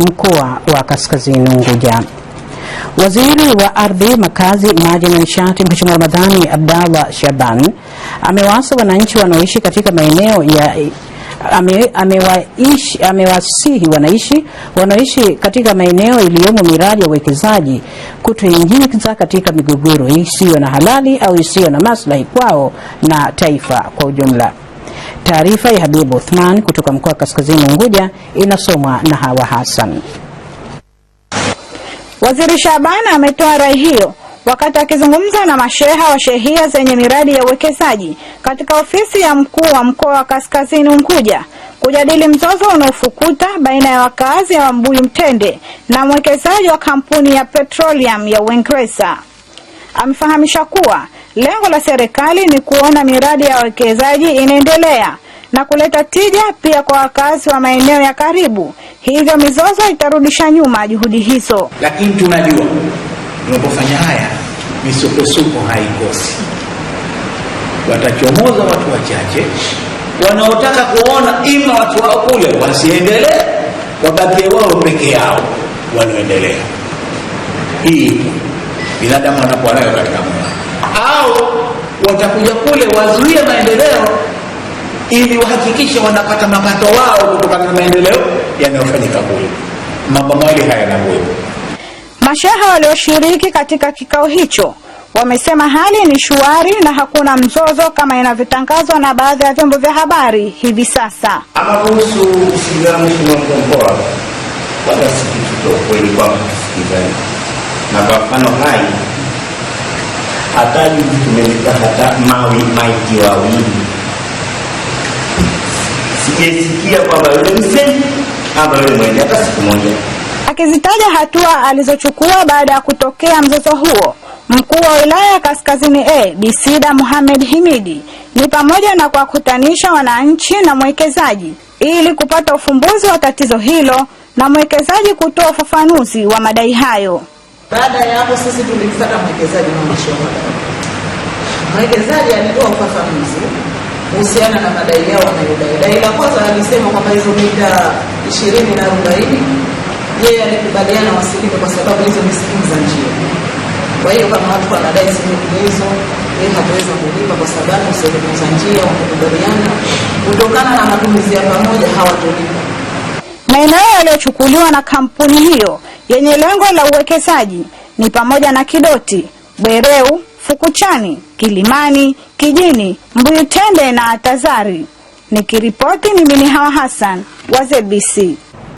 mkoa wa Kaskazini Unguja. Waziri wa Ardhi, Makazi, Maji na Nishati Mheshimiwa Ramadhani Abdallah Shaban amewaasa wananchi wanaoishi katika maeneo ya amewasihi ame wanaishi wanaoishi katika maeneo iliyomo miradi ya uwekezaji kutoingiza katika migogoro isiyo na halali au isiyo na maslahi kwao na taifa kwa ujumla. Taarifa ya Habibu Uthman kutoka mkoa wa Kaskazini Unguja inasomwa na Hawa Hassan. Waziri Shabani ametoa rai hiyo wakati akizungumza na masheha wa shehia zenye miradi ya uwekezaji katika ofisi ya mkuu wa mkoa wa Kaskazini Unguja kujadili mzozo unaofukuta baina ya wakazi wa Mbuyu Mtende na mwekezaji wa kampuni ya petroleum ya Uingereza. Amefahamisha kuwa Lengo la serikali ni kuona miradi ya wawekezaji inaendelea na kuleta tija pia kwa wakazi wa maeneo ya karibu, hivyo mizozo itarudisha nyuma juhudi hizo. Lakini tunajua tunapofanya haya misukosuko haikosi, watachomoza watu wachache wanaotaka kuona ima watu wao kule wasiendelee, wabakie wao peke yao wanaoendelea. Hii binadamu anakuwa nayo katika au watakuja kule wazuie maendeleo ili wahakikishe wanapata mapato wao kutokana na maendeleo yanayofanyika kule. Mambo mawili haya yanakuwepo. Masheha walioshiriki katika kikao hicho wamesema hali ni shwari na hakuna mzozo kama inavyotangazwa na baadhi ya vyombo vya habari hivi sasa. Ama kuhusu ushindani tunaokomboa wala si kitu cha ukweli kwamba tusikizani na kwa mfano hai hatari tumemeza hata mawi maiti wawili. Sijasikia kwamba yule mzee ama yule mwenye hata siku moja. Akizitaja hatua alizochukua baada ya kutokea mzozo huo, mkuu wa wilaya ya Kaskazini A Bisida Mohamed Himidi ni pamoja na kuwakutanisha wananchi na mwekezaji ili kupata ufumbuzi wa tatizo hilo na mwekezaji kutoa ufafanuzi wa madai hayo. Baada ya hapo sisi tulimfuata mwekezaji Mwanasheria. Mwekezaji alitoa ufafanuzi kuhusiana na madai yao wanayodai. Dai la kwanza alisema kwamba hizo mita ishirini na arobaini yeye alikubaliana wasilike kwa sababu hizo ni sehemu za njia. Kwa hiyo kama watu wanadai sehemu hizo, yeye hataweza kulipa kwa sababu sehemu za njia, wakakubaliana kutokana na matumizi ya pamoja hawatolipa maeneo yaliyochukuliwa na kampuni hiyo yenye lengo la uwekezaji ni pamoja na Kidoti, Bwereu, Fukuchani, Kilimani, Kijini, Mbuyutende na Tazari. Nikiripoti mimi ni Hawa Hassan wa ZBC.